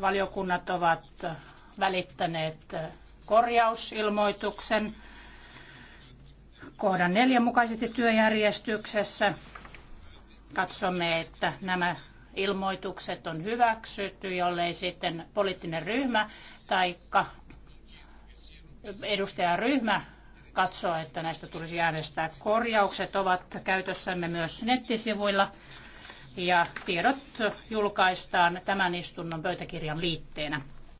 valiokunnat ovat välittäneet korjausilmoituksen kohdan neljä mukaisesti työjärjestyksessä. Katsomme, että nämä ilmoitukset on hyväksytty, jollei sitten poliittinen ryhmä tai edustajaryhmä katsoo, että näistä tulisi äänestää. Korjaukset ovat käytössämme myös nettisivuilla ja tiedot julkaistaan tämän istunnon pöytäkirjan liitteenä.